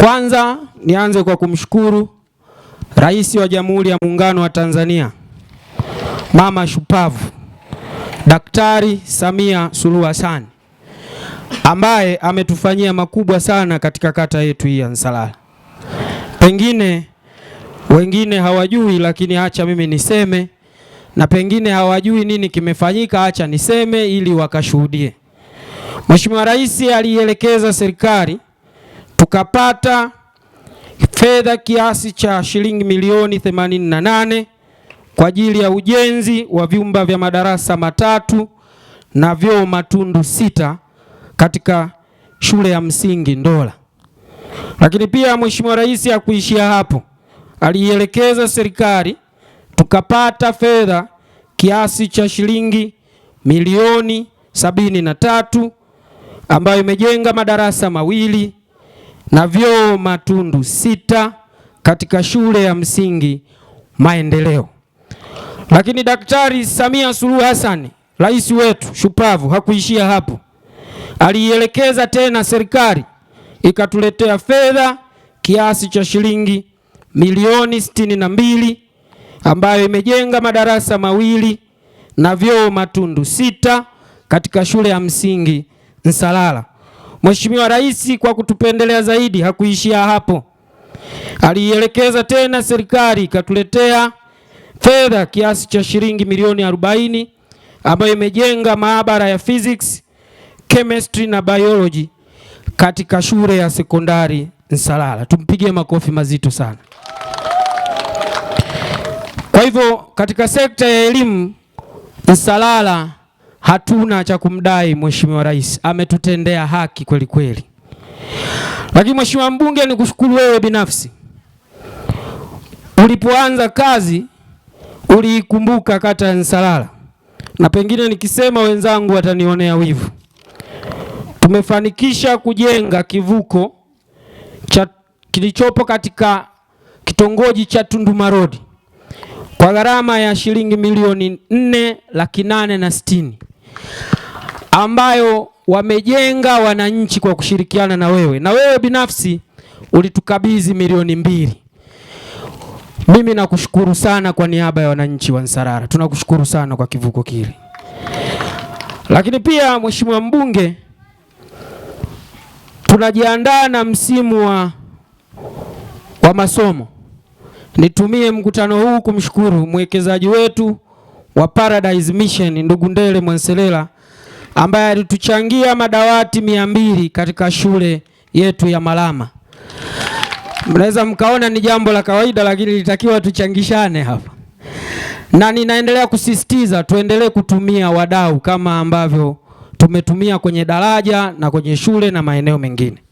Kwanza nianze kwa kumshukuru Rais wa Jamhuri ya Muungano wa Tanzania, mama shupavu Daktari Samia Suluhu Hassan ambaye ametufanyia makubwa sana katika kata yetu hii ya Nsalala. Pengine wengine hawajui, lakini acha mimi niseme, na pengine hawajui nini kimefanyika, acha niseme ili wakashuhudie. Mheshimiwa Rais alielekeza serikali tukapata fedha kiasi cha shilingi milioni 88 kwa ajili ya ujenzi wa vyumba vya madarasa matatu na vyoo matundu sita katika shule ya msingi Ndola. Lakini pia Mheshimiwa Rais hakuishia hapo, aliielekeza serikali tukapata fedha kiasi cha shilingi milioni sabini na tatu ambayo imejenga madarasa mawili na vyoo matundu sita katika shule ya msingi Maendeleo. Lakini Daktari Samia Suluhu Hassan, rais wetu shupavu, hakuishia hapo. Aliielekeza tena serikali ikatuletea fedha kiasi cha shilingi milioni sitini na mbili ambayo imejenga madarasa mawili na vyoo matundu sita katika shule ya msingi Nsalala. Mheshimiwa Rais kwa kutupendelea zaidi hakuishia hapo, aliielekeza tena serikali ikatuletea fedha kiasi cha shilingi milioni arobaini ambayo imejenga maabara ya physics, chemistry na biology katika shule ya sekondari Nsalala. Tumpigie makofi mazito sana. Kwa hivyo katika sekta ya elimu Nsalala hatuna cha kumdai Mheshimiwa Rais, ametutendea haki kweli kweli. Lakini Mheshimiwa Mbunge, ni kushukuru wewe binafsi, ulipoanza kazi uliikumbuka kata ya Nsalala, na pengine nikisema wenzangu watanionea wivu. Tumefanikisha kujenga kivuko cha kilichopo katika kitongoji cha Tunduma Road kwa gharama ya shilingi milioni nne laki nane na sitini ambayo wamejenga wananchi kwa kushirikiana na wewe, na wewe binafsi ulitukabidhi milioni mbili. Mimi nakushukuru sana kwa niaba ya wananchi wa Nsarara, tunakushukuru sana kwa kivuko kile. Lakini pia mheshimiwa mbunge, tunajiandaa na msimu wa, wa masomo. Nitumie mkutano huu kumshukuru mwekezaji wetu wa Paradise Mission ndugu Ndele Mwenselela ambaye alituchangia madawati mia mbili katika shule yetu ya Malama. Mnaweza mkaona ni jambo la kawaida, lakini litakiwa tuchangishane hapa, na ninaendelea kusisitiza tuendelee kutumia wadau kama ambavyo tumetumia kwenye daraja na kwenye shule na maeneo mengine.